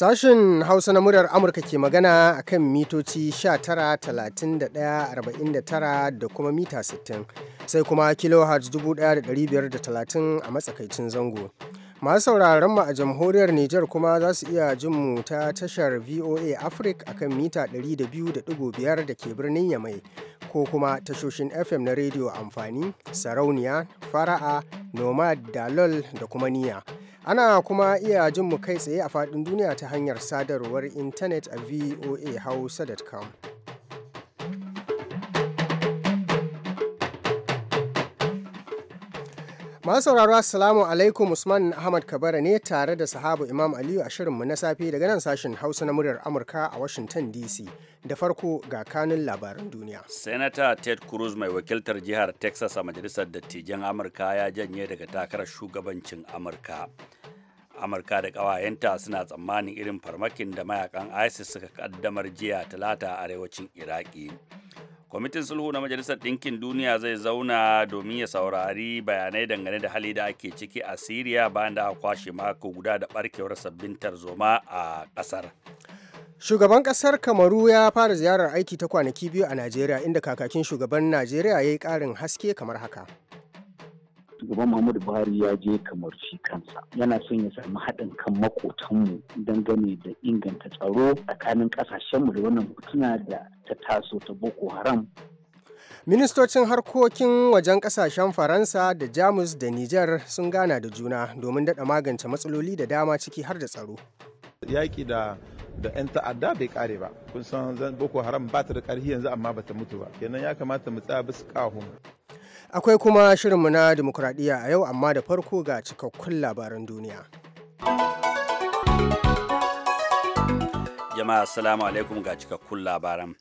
Sashen Hausa na muryar Amurka ke magana a kan mitoci 19,31,49 da kuma mita 60 sai kuma kilohertz 1,530 a matsakaicin zango. Masu sauraron mu a jamhuriyar Nijar kuma za su iya jin mu ta tashar VOA Africa a kan mita 200.5 da ke birnin Yamai ko kuma tashoshin FM na rediyo amfani, sarauniya, fara'a, nomad, dalol da kuma niya. Ana kuma iya jin mu kai tsaye a faɗin duniya ta hanyar sadarwar intanet a voahausa.com. Masu sauraro Assalamu alaikum Usman Ahmad Kabara ne tare da sahabu Imam Aliyu a shirinmu na safe daga nan sashen Hausa na muryar Amurka a Washington DC. Da farko ga kanun labaran duniya. Senator Ted Cruz mai wakiltar jihar Texas a majalisar dattijan Amurka ya janye daga takarar shugabancin Amurka. Amurka da ƙawayenta suna tsammanin irin farmakin da mayakan ISIS suka kaddamar jiya talata a arewacin Iraki. kwamitin sulhu na majalisar ɗinkin duniya zai zauna domin ya saurari bayanai dangane da hali da ake ciki a siriya bayan da aka kwashe mako guda da barkewar sabbin tarzoma a ƙasar shugaban ƙasar kamaru ya fara ziyarar aiki ta kwanaki biyu a najeriya inda kakakin shugaban najeriya ya yi ƙarin haske kamar haka shugaban muhammadu buhari ya je kamar shi kansa yana son ya samu haɗin kan makotanmu dangane da inganta tsaro tsakanin ƙasashenmu da wannan mutuna da ta taso ta boko haram ministocin harkokin wajen kasashen faransa da jamus da niger sun gana da juna domin daɗa magance matsaloli da dama ciki har da tsaro yaƙi da da 'yan ta'adda bai kare ba kun san boko haram ba ta da ƙarfi yanzu amma ba ta mutu ba kenan ya kamata mu tsaya bisa ƙahun Akwai kuma shirinmu na demokuraɗiyya a yau amma da farko ga cikakkun labaran duniya. Jama'a salamu alaikum ga cikakkun labaran.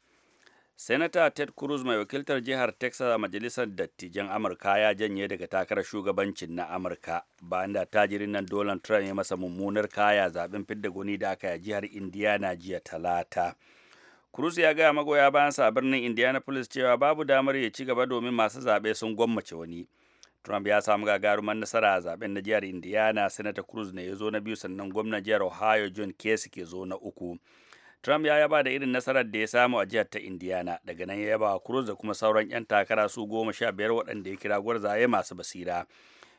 Senata Ted Cruz mai wakiltar jihar Texas a Majalisar Dattijan Amurka ya janye daga takarar shugabancin na Amurka bayan da tajirin nan Donald Trump ya masa mummunar kaya zaben fidda goni da aka yi jihar Indiana jiya Talata. Cruz ya gaya magoya bayansa a birnin Indianapolis cewa babu damar ya ci gaba domin masu zaɓe sun gwammace wani. Trump ya samu gagarumar nasara a zaɓen na jihar Indiana, Senator Cruz ne ya zo na biyu sannan gwamnan jihar Ohio John Kasich ke zo na uku. Trump ya yaba da irin nasarar da ya samu a jihar ta Indiana, daga nan ya yaba Cruz da kuma sauran 'yan takara su goma sha biyar waɗanda ya kira gwarzaye masu basira.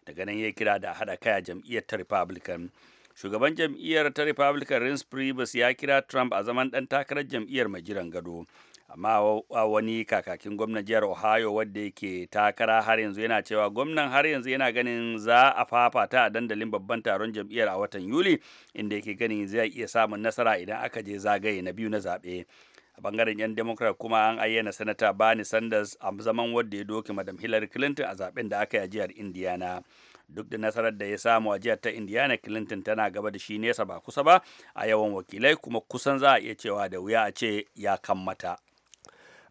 Daga nan ya kira da haɗa kaya jam'iyyar ta Republican. shugaban jam'iyyar ta republican rince Priebus ya kira trump a zaman dan takarar jam'iyyar mai jiran gado amma a wani kakakin gwamnan jihar ohio wadda yake takara har yanzu yana cewa gwamnan har yanzu yana ganin za a fafata a dandalin babban taron jam'iyyar a watan yuli inda yake ganin zai iya samun nasara idan aka je zagaye na biyu na zaɓe a bangaren 'yan democrat kuma an ayyana sanata bani sanders a zaman wadda ya doke madam hillary clinton a zaben da aka yi a jihar indiana duk da nasarar da ya samu a jihar ta indiana clinton tana gaba da shi nesa ba kusa ba a yawan wakilai kuma kusan za a iya cewa da wuya a ce ya kammata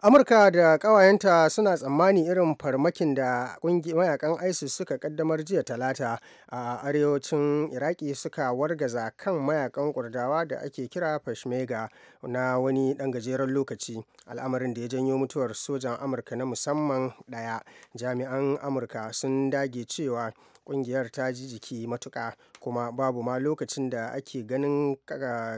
amurka da kawayenta suna tsammani irin farmakin da mayakan isis suka kaddamar jiya talata a arewacin iraki suka wargaza kan mayakan kurdawa da ake kira peshmerga na wani ɗan gajeren lokaci al'amarin da ya janyo mutuwar sojan amurka na musamman ɗaya jami'an amurka sun dage cewa kungiyar ta ji jiki matuka kuma babu ma lokacin da ake ganin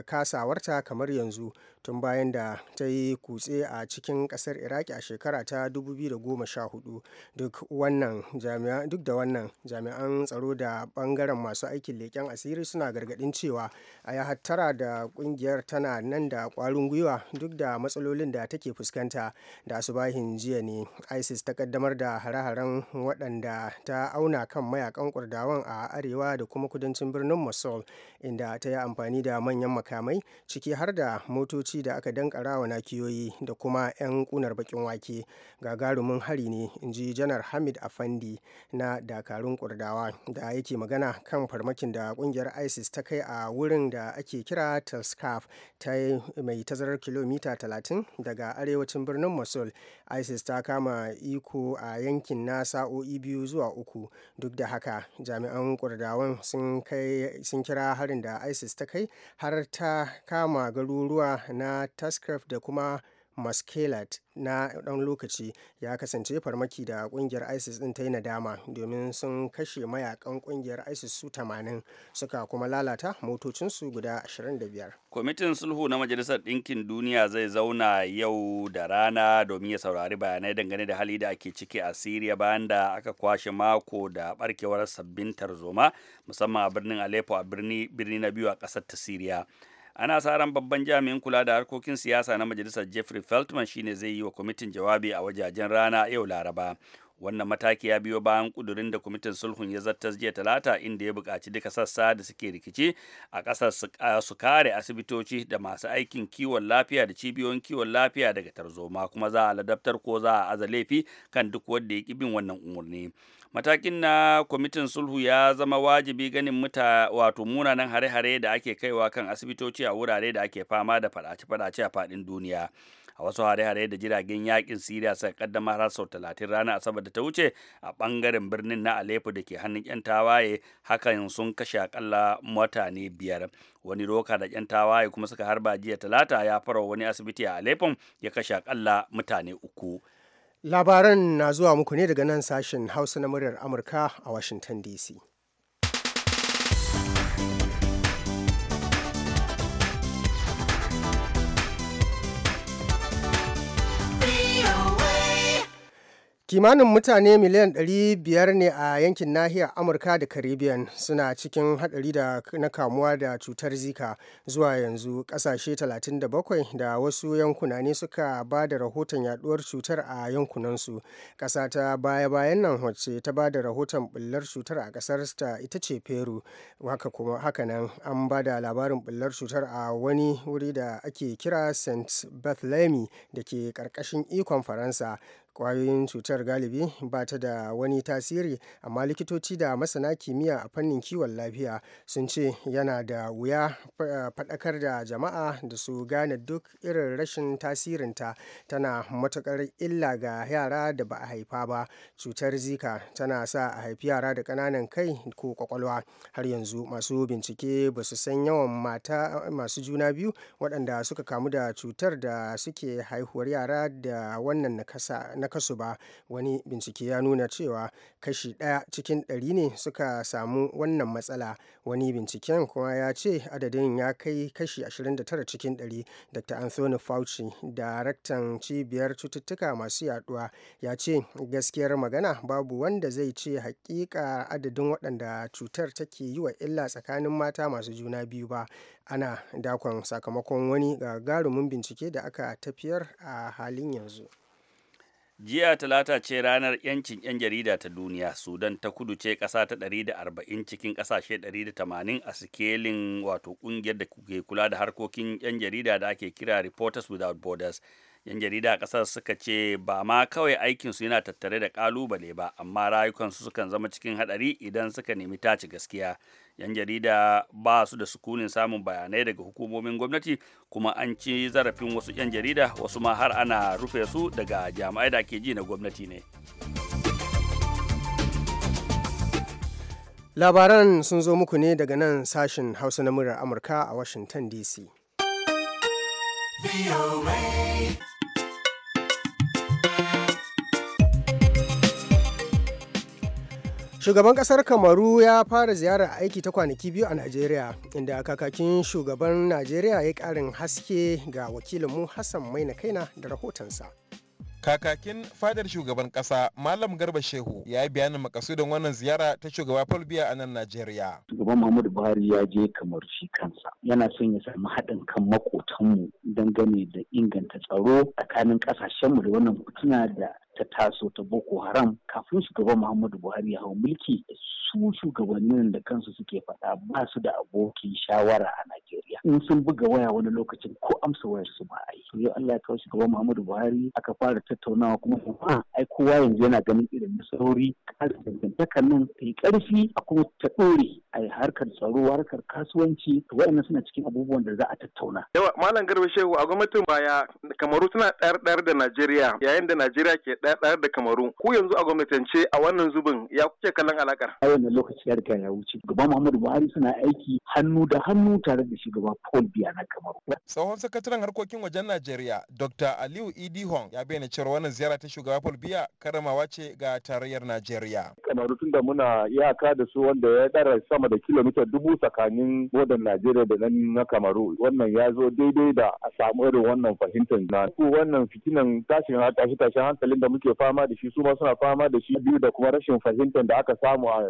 kasawarta kamar yanzu tun bayan da ta yi kutse a cikin kasar iraki a shekara ta 2014 duk wannan duk da wannan jami'an tsaro da bangaren masu aikin leƙen asiri suna gargaɗin cewa a ya hattara da kungiyar tana nan da ƙwarin gwiwa duk da matsalolin da take fuskanta da asubahin jiya ne isis ta kaddamar da hare-haren waɗanda ta auna kan mayakan kurdawan a arewa da kuma kudancin birnin mosul inda ta yi amfani da manyan makamai ciki har da motoci motoci da aka dankara wa kiyoyi da kuma 'yan kunar bakin wake gagarumin hari ne in ji janar hamid afandi na dakarun kurdawa da yake magana kan farmakin da kungiyar isis ta kai a wurin da ake kira telskaf ta mai tazarar kilomita 30 daga arewacin birnin mosul isis ta kama iko a yankin na sa'o'i biyu zuwa uku duk da haka jami'an kurdawan sun kira harin da isis ta kai har ta kama garuruwa na Tuskegee da kuma Muscatine na ɗan lokaci ya kasance farmaki da ƙungiyar isis ɗin ta yi nadama domin sun kashe mayakan ƙungiyar isis su 80 suka kuma lalata motocinsu guda 25 kwamitin sulhu na majalisar ɗinkin duniya zai zauna yau da rana domin ya saurari bayanai dangane da hali da ake ciki a siriya bayan da aka kwashe mako da ɓarkewar sabbin tarzoma musamman a birnin aleppo a birni na biyu a ƙasar ta siriya ana sa ran babban jami'in kula da harkokin siyasa na majalisar jeffrey feltman shine zai yi wa kwamitin jawabi a wajajen rana yau laraba wannan mataki ya biyo bayan kudurin da kwamitin sulhun ya zartas jiya talata inda ya buƙaci duka sassa da suke rikici a ƙasar su kare asibitoci da masu aikin kiwon lafiya da cibiyoyin kiwon lafiya daga tarzoma kuma za a ladabtar ko za a aza laifi kan duk wanda ya ki bin wannan umarni matakin na kwamitin sulhu ya zama wajibi ganin muta wato munanan hare-hare da ake kaiwa kan asibitoci a wurare da ake fama da faɗace-faɗace a faɗin duniya a wasu hare-hare da jiragen yakin siriya suka kaddamar har sau talatin rana asabar da ta wuce a bangaren birnin na aleppo da ke hannun yan tawaye hakan sun kashe akalla mutane biyar wani roka da yan tawaye kuma suka harba jiya talata ya fara wani asibiti a aleppo ya kashe akalla mutane uku labaran na zuwa muku ne daga nan sashen hausa na muryar amurka a washington dc kimanin mutane miliyan 500 ne a yankin nahiyar amurka da caribbean suna cikin hadari da na kamuwa da cutar zika zuwa yanzu kasashe 37 da wasu yankuna ne suka ba da rahoton yaduwar cutar a yankunansu ƙasa ta baya-bayan nan wacce ta ba da rahoton bullar cutar a ƙasar ta ita ce peru haka kuma hakanan an ba da labarin bullar cutar a wani wuri da ake kira st bethlehem da ke ƙarƙashin ikon faransa kwayoyin cutar galibi ba ta da wani tasiri amma likitoci da masana kimiyya a fannin kiwon lafiya sun ce yana da wuya faɗakar da jama'a da su gane duk irin rashin tasirinta tana matuƙar illa ga yara da ba a haifa ba cutar zika tana sa a haifi yara da ƙananan kai ko kwakwalwa har yanzu masu bincike ba su san yawan mata masu juna biyu waɗanda suka kamu da cutar da suke haihuwar yara da wannan nakasa na kasu ba wani bincike ya nuna cewa kashi ɗaya cikin ɗari ne suka samu wannan matsala wani binciken kuma ya ce adadin ya kai kashi 29 cikin ɗari dr anthony fauci daraktan cibiyar cututtuka masu yaduwa ya ce gaskiyar magana babu wanda zai ce hakika adadin waɗanda cutar take yi wa illa tsakanin mata masu juna biyu ba ana dakon sakamakon wani gagarumin bincike da aka tafiyar a halin yanzu jiya talata ce ranar yancin 'yan jarida ta duniya sudan ta kudu ce kasa ta 140 cikin ƙasashe 180 a sikelin wato ƙungiyar da ke kula da harkokin 'yan jarida da ake kira reporters without borders yan jarida a ƙasar suka ce ba ma kawai aikinsu yana tattare da ƙalubale ba amma rayukansu sukan zama cikin hadari idan suka nemi tace gaskiya yan jarida ba su da sukunin samun bayanai daga hukumomin gwamnati kuma an ci zarafin wasu yan jarida wasu ma har ana rufe su daga jami'ai da ke ji na gwamnati ne labaran sun zo muku ne daga nan sashen hausa na murar amurka a washington dc Shugaban kasar Kamaru ya fara ziyarar aiki ta kwanaki biyu a Najeriya, inda kakakin shugaban Najeriya ya ƙarin haske ga wakilinmu Hassan Maina Kaina da rahotonsa. kakakin fadar shugaban kasa malam garba shehu ya yi bayanin makasudin wannan ziyara ta shugaba paul biya a nan najeriya shugaban muhammadu buhari ya je kamar shi kansa yana son ya sami haɗin kan makotanmu dangane da inganta tsaro tsakanin ƙasashenmu da wannan hotuna da ta taso ta boko haram kafin shugaban muhammadu buhari ya hau mulki su shugabannin da kansu suke faɗa ba su da abokin shawara a najeriya in sun buga waya wani lokacin ko amsa wayar su ba a yi to yau allah ya kawo shugaban muhammadu buhari aka fara tattaunawa kuma kuma ai kowa yanzu yana ganin irin nasarori ƙarfin dangantakar nan ta yi ƙarfi a kuma ta ɗore a harkar tsaro harkar kasuwanci waɗannan suna cikin abubuwan da za a tattauna. yawa malam garba shehu a gwamnatin baya kamaru tana ɗayar da najeriya yayin da najeriya ke ɗayar da kamaru ku yanzu a gwamnatance a wannan zubin ya kuke kallon alaƙar? a wannan lokaci ya riga ya wuce gaba muhammadu buhari suna aiki hannu da hannu tare da shugaba paul biya na kamaru. tsohon sakataren harkokin wajen najeriya dr aliyu idi hong ya bayyana cewa wannan ziyara ta shugaba paul biya karamawa ce ga tarayyar najeriya. kamaru tun muna iyaka da su wanda ya ɗara sama sama da kilomita dubu tsakanin wadan Najeriya da nan na Kamaru wannan ya zo daidai da a samu irin wannan fahimtar na ko wannan fitinan tashin tashi tashin hankalin da muke fama da shi su ma suna fama da shi biyu da kuma rashin fahimtar da aka samu a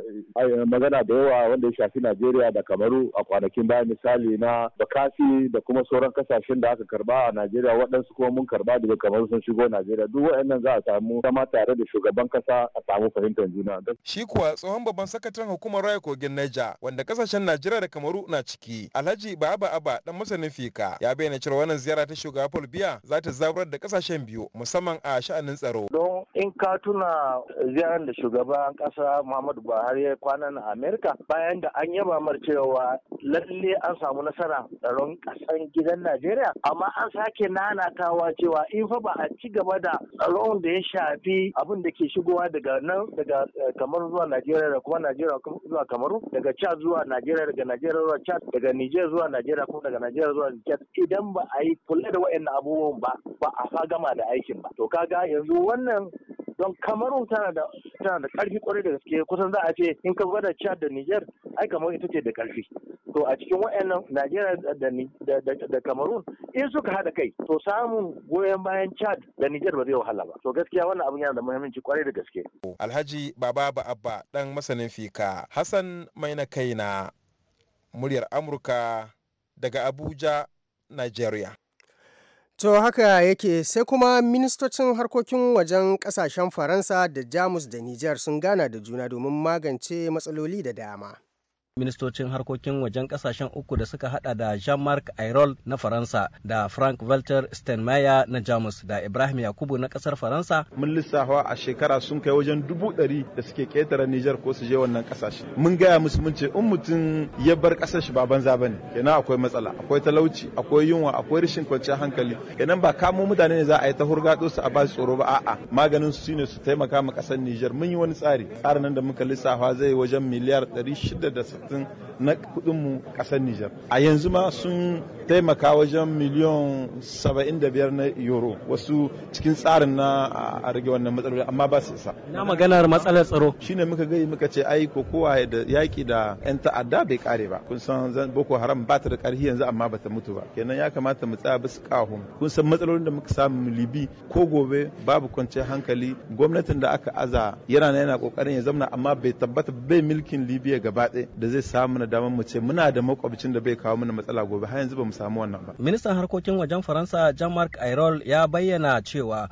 magana da yawa wanda ya shafi Najeriya da Kamaru a kwanakin baya misali na Bakasi da kuma sauran kasashen da aka karba a Najeriya waɗansu kuma mun karba daga Kamaru sun shigo Najeriya duk waɗannan za a samu zama tare da shugaban kasa a samu fahimtar juna. Shi kuwa tsohon babban sakataren hukumar Raya Kogin Niger Abuja wanda kasashen Najeriya da Kamaru na ciki. Alhaji Baba Aba dan masanin fika ya bayyana cewa wannan ziyara ta shugaba Paul Biya za ta zaburar da kasashen biyu musamman a sha'anin tsaro. Don in ka tuna ziyarar da shugaban kasa muhammadu buhari ya kwana na amerika bayan da an yaba mar cewa lalle an samu nasara tsaron kasan gidan najeriya amma an sake nanatawa cewa in fa ba a ci gaba da tsaron da ya shafi abin da ke shigowa daga nan daga eh, kamar zuwa najeriya da kuma najeriya zuwa kamaru daga chad zuwa najeriya daga najeriya zuwa chad daga niger zuwa najeriya kuma daga najeriya zuwa chad idan ba a yi kula da waɗannan abubuwan ba ba a fa gama da aikin ba to kaga yanzu wannan don kamaru tana da tana da karfi kwarai da gaske kusan za a ce in ka gwada chad da niger ai kamar ita ce da karfi to a cikin wayannan najeriya da kamarun in suka haɗa kai to samun goyon bayan chad da niger ba zai wahala ba to gaskiya wannan abin yana da muhimmanci kwarai da gaske alhaji baba ba abba dan masanin fika hassan mai na kaina muryar amurka daga abuja nigeria To haka yake sai kuma ministocin harkokin wajen kasashen Faransa da Jamus da Nijar sun gana da juna domin magance matsaloli da dama. ministocin harkokin wajen kasashen uku da suka hada da jean-marc ayrol na faransa da frank walter steinmeier na jamus da ibrahim yakubu na kasar faransa mun lissafa a shekara sun kai wajen dubu ɗari da suke ketare nijar ko su je wannan kasashe mun gaya musu mun ce in mutum ya bar kasar shi ba banza bane kenan akwai matsala akwai talauci akwai yunwa akwai rashin kwanciyar hankali kenan ba kamo mutane ne za a yi ta hurgato su a ba tsoro ba a'a maganin su shine su taimaka ma kasar nijar mun yi wani tsari tsarin nan da muka lissafa zai wajen miliyar 600 60 na kudinmu kasar Nijar. A yanzu ma sun taimaka wajen miliyon 75 na euro wasu cikin tsarin na a rage wannan matsaloli amma ba su isa. Na maganar matsalar tsaro. Shine muka gai muka ce ai kokowa da yaki da 'yan ta'adda bai kare ba. Kun san Boko Haram ba ta da karhi yanzu amma ba ta mutu ba. Kenan ya kamata mu tsaya bisa kahun. Kun san matsalolin da muka samu Libi ko gobe babu kwanciyar hankali gwamnatin da aka aza yana yana kokarin ya zamna amma bai tabbata bai milkin libiya gaba da zai samu na damar mu ce muna da makwabcin da bai kawo mana matsala gobe har yanzu ba mu samu wannan ba ministan harkokin wajen faransa jean-marc ayrol ya bayyana cewa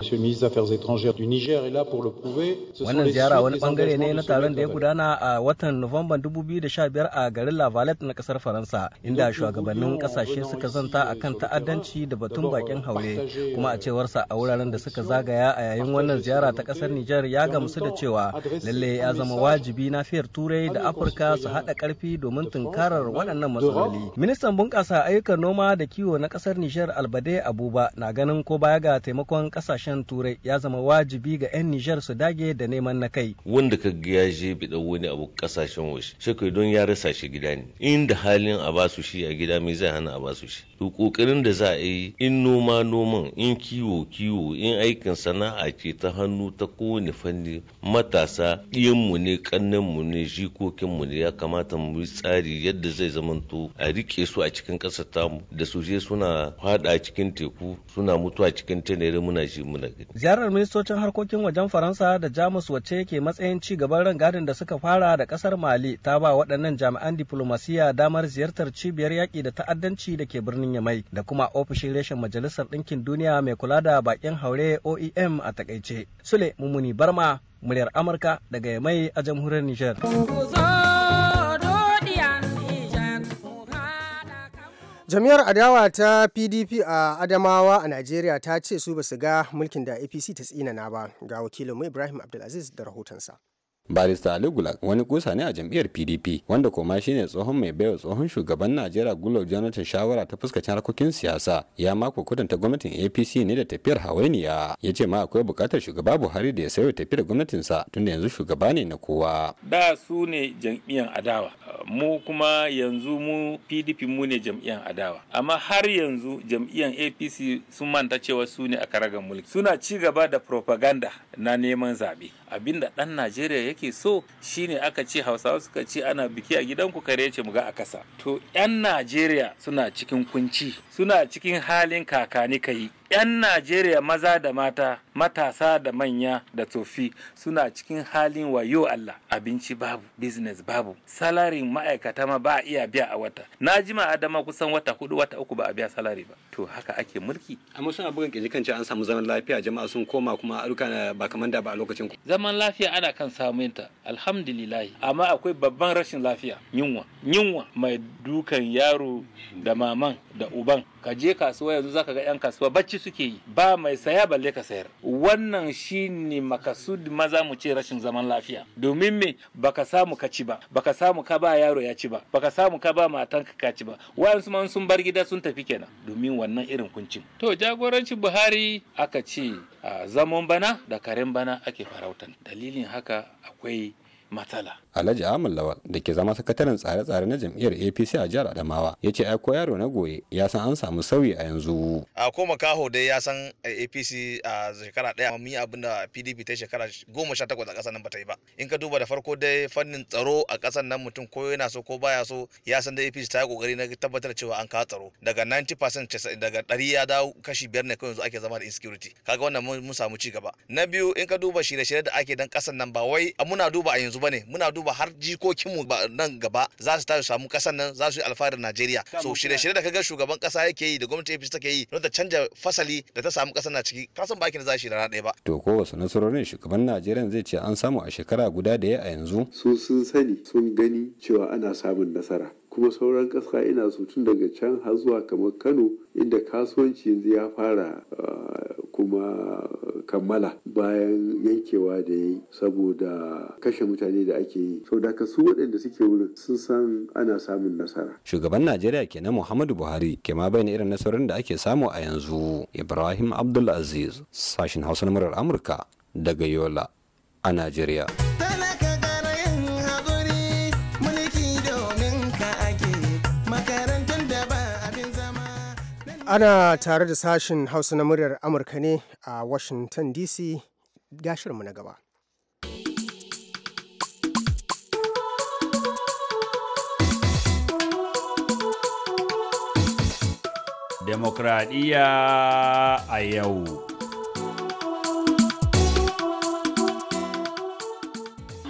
wannan ziyara wani bangare ne na taron da ya gudana a watan nuwamban 2015 a garin la valette na kasar faransa inda shugabannin kasashe suka zanta a kan ta'addanci da batun bakin haure kuma a cewarsa a wuraren da suka zagaya a yayin wannan ziyara ta kasar niger ya gamsu da cewa lalle ya zama wajibi na fiyar turai da afirka su haɗa ƙarfi domin tunkarar waɗannan matsaloli. Ministan bunƙasa ayyukan noma da kiwo na ƙasar Nijar Albade Abuba na ganin ko baya ga taimakon ƙasashen Turai ya zama wajibi ga 'yan Nijar su dage da neman na kai. Wanda ka ya je bi wani abu ƙasashen waje, shi don ya rasa shi gida ne. Inda halin a ba su shi a gida me zai hana a ba su shi. To ƙoƙarin da za a yi in noma noman, in kiwo kiwo, in aikin sana'a ce ta hannu ta kowane fanni matasa ɗiyanmu ne, ƙannenmu ne, jikokinmu ne ya kamata mu tsari yadda zai zamanto a rike su a cikin ƙasar tamu da su je suna fada cikin teku suna mutuwa cikin tenere muna shi muna gani. Ziyarar ministocin harkokin wajen Faransa da Jamus wacce ke matsayin ci gaban rangadin da suka fara da ƙasar Mali ta ba waɗannan jami'an diplomasiya damar ziyartar cibiyar yaƙi da ta'addanci da ke birnin Yamai da kuma ofishin reshen Majalisar Ɗinkin Duniya mai kula da bakin haure OEM a takaice. Sule Mumuni Barma, muryar Amurka daga Yamai a jamhuriyar Nijar. Jami'ar adawa ta PDP a Adamawa a Najeriya ta ce su basu ga mulkin da APC ta tsinana ba. Ga wakilinmu Ibrahim Abdulaziz da rahotonsa. barista ali gulak wani kusa ne a jam'iyyar pdp wanda koma shine tsohon mai baiwa tsohon shugaban najeriya gulo jonathan shawara ta fuskacin harkokin siyasa ya mako kudanta gwamnatin apc ne da tafiyar hawainiya ya ce ma akwai bukatar shugaba buhari da ya sayo tafiyar gwamnatinsa tunda yanzu shugaba ne na kowa da su ne jam'iyyar adawa mu kuma yanzu mu pdp mu ne jam'iyyar adawa amma har yanzu jam'iyyar apc sun manta cewa su ne a karagar mulki suna ci gaba da propaganda na neman zaɓe abinda ɗan najeriya yake so shine aka ce hausawa suka ce ana biki a gidan ku kare ce mu ga a kasa to 'yan najeriya suna cikin kunci suna cikin halin kakani kai 'yan Najeriya maza da mata, matasa da manya da tsofi suna cikin halin wayo Allah. Abinci babu, business babu, salarin ma'aikata ma ba a iya biya a wata. Na jima Adama kusan wata hudu wata uku ba a biya salari ba. To haka ake mulki. Amma suna bugan kirji kan an samu zaman lafiya jama'a sun koma kuma aluka ba kamar da ba a lokacin ku. Zaman lafiya ana kan samun ta, alhamdulillah. Amma akwai babban rashin lafiya, yunwa. Yunwa mai dukan yaro da maman da uban ka je kasuwa yanzu zaka ga 'yan kasuwa bacci suke yi ba mai saya balle ka sayar wannan shine makasud maza mu ce rashin zaman lafiya domin me baka samu ka ci ba baka samu ka ba yaro ya ci ba baka samu ka ba matan ka ci ba wayansu man sun bar gida sun tafi kenan domin wannan irin kuncin to jagorancin Buhari aka ce a zaman bana da karen bana ake farautan dalilin haka akwai matsala Alhaji Ahmad Lawal da ke zama sakataren tsare-tsare na jam'iyyar APC a jihar Adamawa ya ce aiko yaro na goye ya san an samu sauyi a yanzu. A ko makaho dai ya san eh, APC a shekara ɗaya mun yi abin da PDP ta shekara goma sha takwas a ƙasar nan ba ta yi ba. In ka duba da farko dai fannin tsaro a ƙasar nan mutum ko yana so ko baya so ya san da APC ta yi ƙoƙari na tabbatar cewa an kawo tsaro daga 90% daga ɗari ya dawo kashi biyar ne kawai yanzu ake zama da insecurity kaga wannan mun samu ci gaba. Na biyu in ka duba shirye-shirye da ake dan ƙasar nan ba wai muna duba a yanzu bane muna duba duba har jikokin jikokinmu nan gaba za su tashi samu kasan nan za su yi alfaharin Najeriya so shirye-shirye da kaga shugaban kasa yake yi da gwamnati APC take yi don ta canja fasali da ta samu kasan na ciki kasan baki na zashi rana ɗaya ba to ko wasu nasarorin shugaban Najeriya zai ce an samu a shekara guda da ya a yanzu su sun sani sun gani cewa ana samun nasara kuma sauran kasa ina so tun daga can har zuwa kamar Kano inda kasuwanci yanzu ya fara ah, kuma kammala bayan yankewa da ya yi saboda kashe mutane da ake yi sau da su waɗanda suke wurin sun san ana samun nasara shugaban najeriya kenan muhammadu buhari ke ma bayan irin nasarorin da ake samu a yanzu ibrahim abdulaziz sashin hausa na murar amurka daga yola a najeriya Ana tare da sashen Hausa na muryar Amurka ne a Washington DC gashinmu na gaba. Demokradiyya a yau.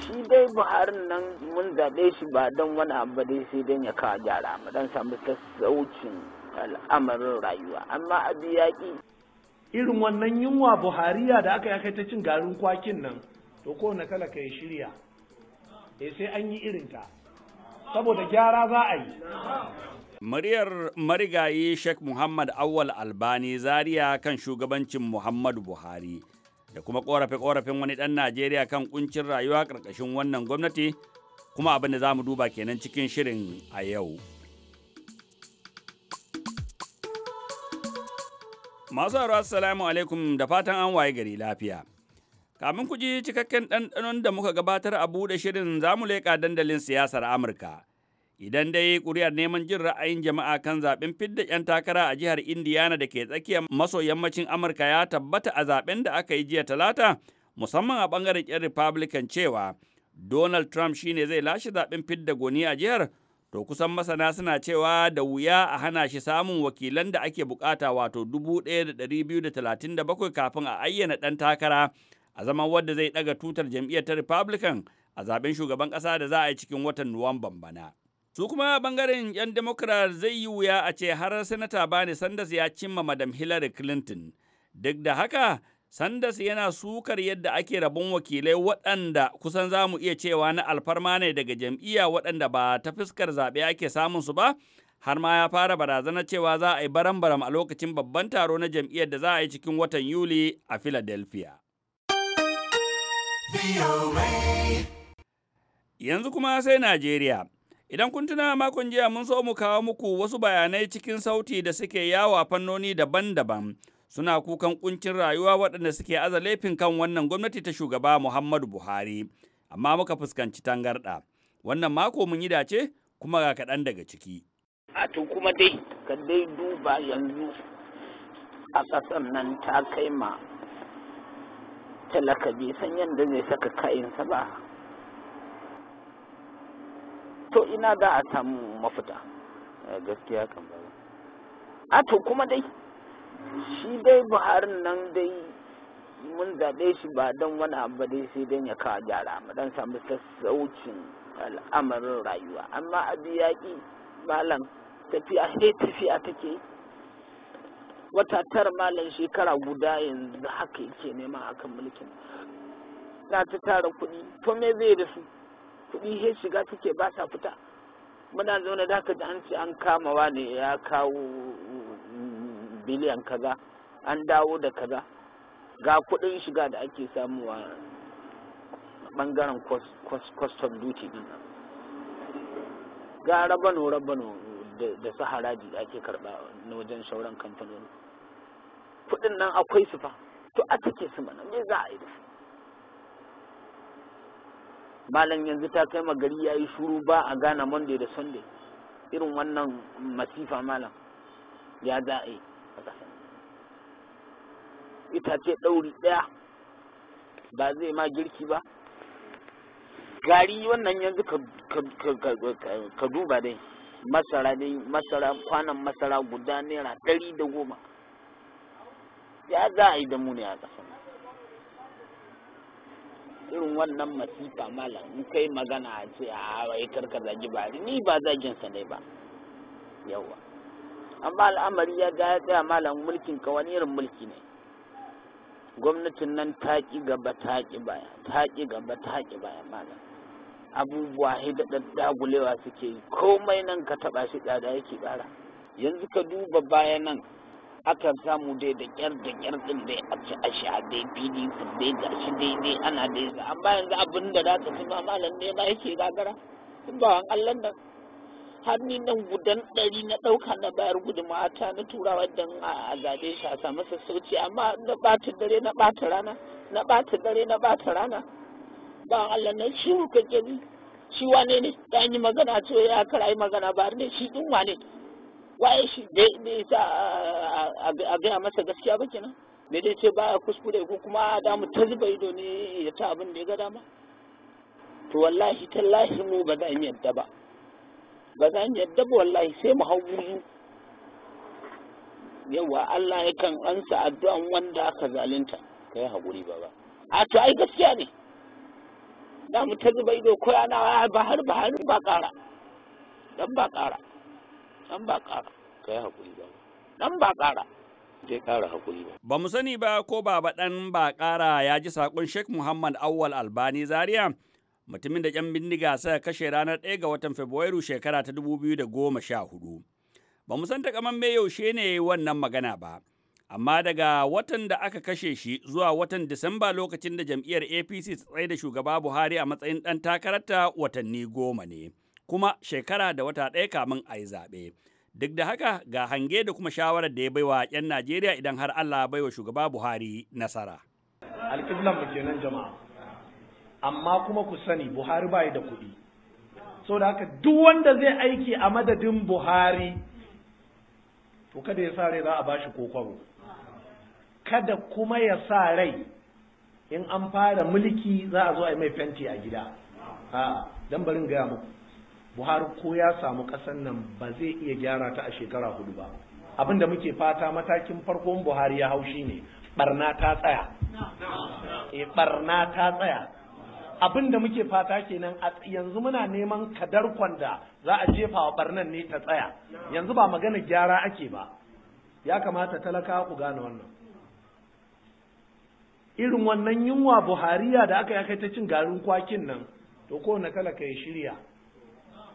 Shi dai Buhari nan mun zaɓe shi ba don wani abu dai sai don ya kawo gyara mu don samu sassaucin al'amarin rayuwa amma abu yaƙi irin wannan yunwa buhariya da aka yaka ta cin garin kwakin nan to kowane kala ya shirya e sai an yi irinta saboda gyara za a yi Muryar marigayi Sheikh Muhammad Awal Albani Zaria kan shugabancin Muhammadu Buhari da kuma korafe-korafin wani ɗan Najeriya kan kuncin rayuwa ƙarƙashin wannan gwamnati kuma abin da za mu duba kenan cikin shirin a yau. Masu haro assalamu alaikum da fatan an waye gari lafiya. Kamin ku ji cikakken ɗanɗanon da muka gabatar a buɗe shirin zamu leƙa dandalin siyasar Amurka. Idan dai ƙuri'ar neman jin ra'ayin jama'a kan zaɓen fidda 'yan takara a jihar Indiana da ke tsakiyar maso yammacin Amurka ya tabbata a zaɓen da aka yi jiya talata, musamman a ɓangaren 'yan Republican cewa Donald Trump shine zai lashe zaɓen fidda goni a jihar to kusan masana suna cewa da wuya a hana shi samun wakilan da ake bukata wato 1,237 kafin a ayyana ɗan takara a zaman wadda zai ɗaga tutar jam'iyyar ta Republican a zaben shugaban ƙasa da za a yi cikin watan Nuwamban bana. Su kuma bangaren 'yan Democrat zai yi wuya a ce har Sanata Bernie Sanders ya cimma Madam Hillary Clinton. Duk da haka, Sanders yana sukar yadda ake rabon wakilai waɗanda kusan za mu iya cewa na alfarma ne daga jam'iyya waɗanda ba ta fuskar zaɓe ake samun su ba, har ma ya fara barazanar cewa za a yi baram-baram a lokacin babban taro na jam'iyyar da za a yi cikin watan Yuli a Philadelphia. Yanzu kuma sai Najeriya. Idan kun tuna makon jiya mun so mu kawo muku wasu bayanai cikin sauti da suke yawo a fannoni daban-daban. suna kukan kuncin rayuwa waɗanda suke aza laifin kan wannan gwamnati ta shugaba Muhammadu Buhari, amma muka fuskanci tangarɗa. Wannan mako mun yi dace kuma ga kaɗan daga ciki. A tun kuma dai, ka dai duba yanzu a ƙasar nan ta kai ma talaka bai san yadda zai saka kayansa ba. To ina da a samu mafita. Eh, gaskiya kan ba. A to kuma dai, shi dai buharin nan dai mun zaɓe shi ba don wani abu dai sai don ya kawo gyara mu don samu sassaucin al'amarin rayuwa amma abu yaƙi malam tafiya sai tafiya take wata tara malam shekara guda yanzu haka yake nema akan mulkin na ta tara kuɗi to me zai da su kuɗi sai shiga take ba sa fita muna zaune da haka da an ce an kama ne ya kawo biliyan kaza an dawo da kaza ga kuɗin shiga da ake samuwa ɓangaren custom duty din ga rabano rabano da su haraji da ake karɓa na wajen shauran kamfanoni kuɗin nan akwai su fa to a take su mana me za a yi da su malam yanzu ta kai magari ya yi shuru ba a gana monday da sunday irin wannan masifa malam ya za a yi itace ɗauri ɗaya ba zai ma girki ba gari wannan yanzu ka duba dai masara dai masara kwanan masara guda naira ɗari da goma ya za a yi da mu ne a ƙasa irin wannan masifa malam in kai magana a ce a wai karka zagi ba ni ba zagin sa ne ba yawa amma al'amari ya ga ya tsaya malam mulkin ka wani irin mulki ne gwamnatin nan ta ƙi gaba ta ƙi baya ta ƙi gaba ta ƙi baya malam abubuwa da dagulewa suke yi komai nan ka taɓa shi tsada yake ƙara yanzu ka duba baya nan akan samu dai da ƙyar da ƙyar ɗin dai a ci a sha dai pdp dai ga shi dai dai ana dai amma yanzu abin da za ka ci ma malam ne ma yake gagara ba an allan nan har ni nan gudan ɗari na ɗauka na bayar gudunmawa ta na turawa don a zaɓe shi a samu sassauci amma na ɓata dare na ɓata rana na ɓata dare na ɓata rana ba Allah na shi kuka gani shi wane ne da yi magana to ya kara yi magana ba ne shi ɗin wane waye shi ne sa a gaya masa gaskiya ba kenan me dai ce baya kuskure ko kuma da mu ta zuba ido ne ya ta abin da ya ga dama to wallahi tallahi mu ba za mu yadda ba ba za mu yadda ba wallahi sai mu hau wuyu yawa Allah kan ansa addu'an wanda aka zalunta kai haƙuri baba a to ai gaskiya ne da mu ta zuba ido koya na ba har ba har ba ƙara dan ba ƙara dan ba ƙara kai haƙuri baba dan ba ƙara zai ƙara ba. Ba mu sani ba ko baba ɗan ba ƙara ya ji saƙon Sheikh Muhammad Awwal Albani Zaria mutumin da 'yan bindiga sa kashe ranar 1 ga watan Fabrairu shekara ta 2014. Ba mu san takaman me yaushe ne wannan magana ba, amma daga watan da aka kashe shi zuwa watan Disamba lokacin da jam'iyyar APC tsaye da shugaba Buhari a matsayin ɗan takararta watanni goma ne, kuma shekara da wata ɗaya kamin a yi zaɓe. Duk da haka ga hange da kuma shawarar da ya baiwa 'yan Najeriya idan har Allah baiwa shugaba Buhari nasara. Alƙiblan mu kenan jama'a. amma kuma ku sani buhari ba da kuɗi so da haka duk wanda zai aiki a madadin buhari to kada ya sa rai za a ba shi kokwaro kada kuma ya sa rai in an fara mulki za a zo a yi mai fenti a gida Ha, dan barin gaya muku buhari ko ya samu ƙasar nan ba zai iya gyara ta a shekara hudu ba abin da muke fata matakin farkon buhari ya haushi ne barna ta tsaya barna eh, ta tsaya abin da muke fata kenan a yanzu muna neman kadar kwanda za a jefa wa barnan ne ta tsaya yanzu ba magana gyara ake ba ya kamata talaka ku gane wannan irin wannan yunwa buhariya da aka kai ta cin garin kwakin nan to ko na talaka ya shirya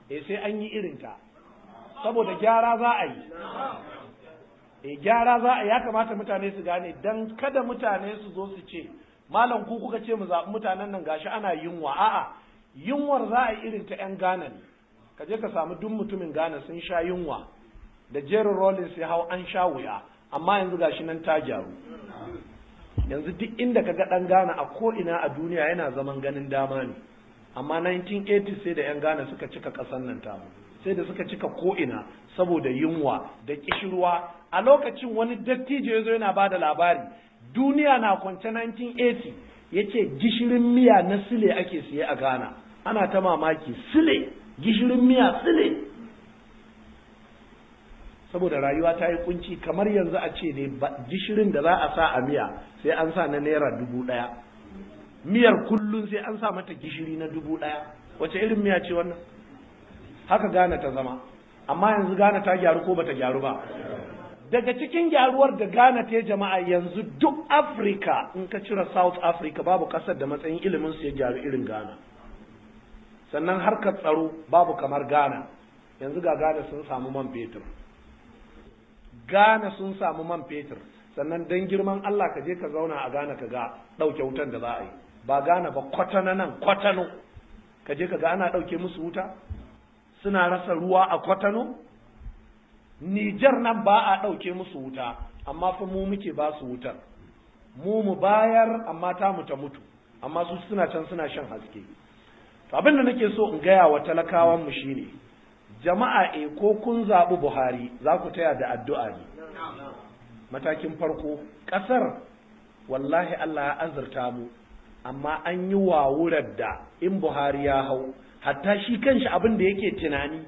eh sai an yi irinta saboda gyara za a yi e gyara za a ya kamata mutane su gane dan kada mutane su zo su ce malam ku kuka ce mu zaɓi mutanen nan gashi ana yunwa a'a yunwar za a irin ta 'yan Ghana ne ka je ka samu duk mutumin gana sun sha yunwa da Jerry Rollins ya hau an sha wuya amma yanzu gashi nan ta gyaru. yanzu duk inda ka ga ɗan gana a ko'ina a duniya yana zaman ganin dama ne amma 1980 sai da 'yan gana suka cika ƙasar nan tamu sai da suka cika ko'ina saboda yunwa da kishirwa a lokacin wani dattijo ya zo yana ba da labari duniya na kwance 1980 ya ce gishirin miya na sile ake siye a ghana ana ta mamaki sile gishirin miya sile saboda rayuwa ta yi kunci kamar yanzu a ce ne gishirin da za a sa a miya sai an sa na naira dubu ɗaya miyar kullum sai an sa mata gishiri na dubu ɗaya wace irin miya ce wannan haka Gana ta zama amma yanzu Gana ta gyaru ko bata gyaru ba daga cikin gyaruwar da Ghana ta jama'a yanzu duk Afirka in ka cire South Africa babu ƙasar da matsayin ilimin su ya gyaru irin Ghana sannan harkar tsaro babu kamar Ghana yanzu ga Ghana sun samu man fetur Ghana sun samu man fetur sannan dan girman Allah ka je ka zauna a Ghana ka ga ɗauke wutan da za a yi ba Ghana ba kwatana nan kwatano ka je ka ga ana ɗauke musu wuta suna rasa ruwa a kwatano Nijar nan ba a ɗauke musu wuta amma fa mu muke ba su wutar mu mu bayar amma ta mu ta mutu amma su suna can suna shan haske abin da nake so in gaya wa talakawan mu ne, jama'a e ko kun zaɓi Buhari za ku taya da addu'a ne matakin farko ƙasar wallahi Allah ya azurta mu amma an yi wurar da in Buhari ya hau hatta shi kanshi abin da yake tunani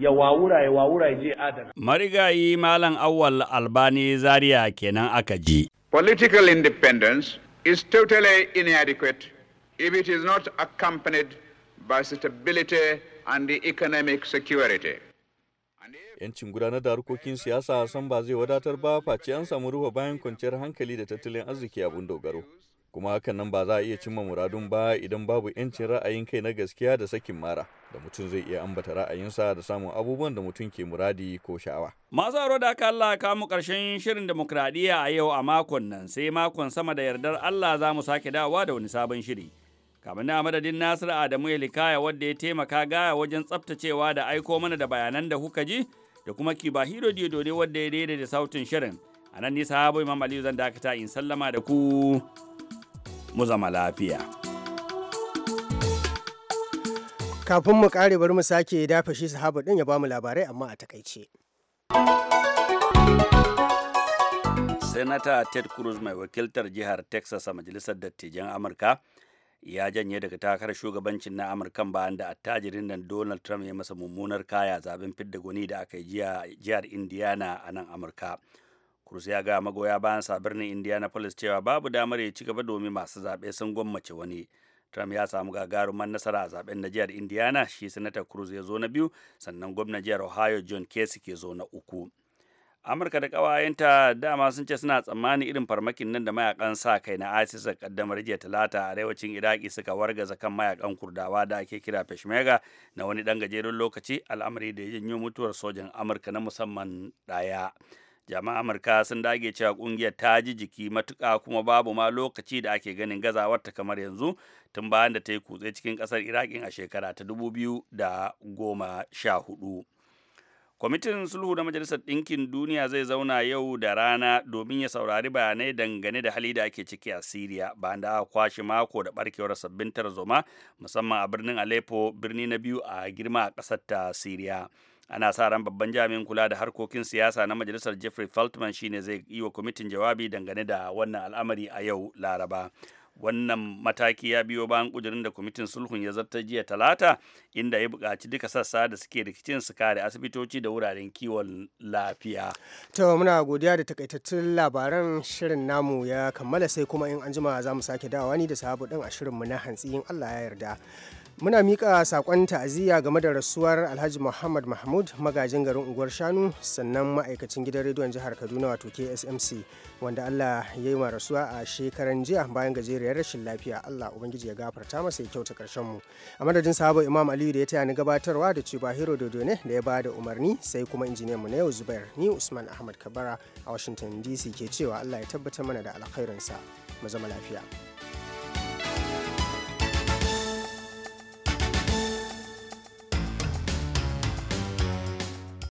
ya wawura ya wawura ya je adana. Marigayi Malam Awal Albani Zaria kenan aka ji. Political independence is totally inadequate if it is not accompanied by stability and the economic security. Yancin gudanar da harkokin siyasa san ba zai wadatar ba face an samu ruwa bayan kwanciyar hankali da tattalin arziki abun dogaro. kuma hakan nan ba za a iya cimma muradun ba idan babu yancin ra'ayin kai na gaskiya da sakin mara da mutum zai iya ambata ra'ayinsa da samun abubuwan da mutum ke muradi ko sha'awa. Masu aro da aka Allah kamun karshen shirin demokradiyya a yau a makon nan sai makon sama da yardar Allah za mu sake dawowa da wani sabon shiri. Kamar na madadin Nasiru Adamu ya likaya wadda ya taimaka gaya wajen tsaftacewa da aiko mana da bayanan da kuka ji da kuma Kibahiro Diodone wadda ya daidaita sautin shirin. A nan nisa Habu Imam Aliyu zan dakata in sallama da ku mu zama lafiya. Kafin mu kare bari mu sake dafa shi sahabu ɗin ya bamu labarai amma a takaice. Senata Ted Cruz mai wakiltar jihar Texas a Majalisar Dattijan Amurka ya janye daga takarar shugabancin na amurkan bayan da attajirin nan donald trump ya masa mummunar kaya zaben fidda gwani da aka yi jihar indiana a nan amurka Cruz ya ga magoya bayan sa birnin Indianapolis cewa babu damar ya ci gaba domin masu zaɓe sun gwammace wani. Trump ya samu gagarumar nasara a zaɓen na jihar Indiana shi sanata Cruz ya zo na biyu sannan gwamnan jihar Ohio John Kasich ke zo na uku. Amurka da ƙawayenta dama sun ce suna tsammanin irin farmakin nan da mayakan sa kai na ISIS a kaddamar jiya talata a arewacin Iraki suka wargaza kan mayakan Kurdawa da ake kira Peshmerga na wani dan gajeren lokaci al'amari da ya janyo mutuwar sojan Amurka na musamman ɗaya. jami'an amurka sun dage cewa kungiyar ta ji jiki matuka kuma babu ma lokaci da ake ganin gazawar ta kamar yanzu tun bayan da ta yi kutse cikin kasar irakin a shekara ta dubu biyu da goma sha hudu kwamitin sulhu na majalisar ɗinkin duniya zai zauna yau da rana domin ya saurari bayanai dangane da hali da ake ciki a siriya bayan da aka kwashe mako da barkewar sabbin tarzoma musamman a birnin aleppo birni na biyu a girma a ƙasar ta siriya ana sa ran babban jami'in kula da harkokin siyasa na majalisar jeffrey feltman shine zai yi wa kwamitin jawabi dangane da wannan al'amari a yau laraba wannan mataki ya biyo bayan kudirin da kwamitin sulhun ya zartar jiya talata inda ya buƙaci duka sassa da suke rikicin su kare asibitoci da wuraren kiwon lafiya to muna godiya da takaitattun labaran shirin namu ya kammala sai kuma in anjima za mu sake dawa ni da sabu ɗin a shirin mu na hantsi in allah ya yarda muna mika sakon ta'aziyya game da rasuwar alhaji muhammad mahmud magajin garin unguwar shanu sannan ma'aikacin gidan rediyon jihar kaduna wato ksmc wanda allah ya yi wa rasuwa a shekaran jiya bayan gajeriyar rashin lafiya allah ubangiji ya gafarta masa ya kyauta karshen mu a madadin sahaba imam aliyu da ya taya ni gabatarwa da ce bahiro dodo ne da ya ba da umarni sai kuma injiniyan mu na yau zubair ni usman ahmad kabara a washington dc ke cewa allah ya tabbatar mana da alkhairinsa mu zama lafiya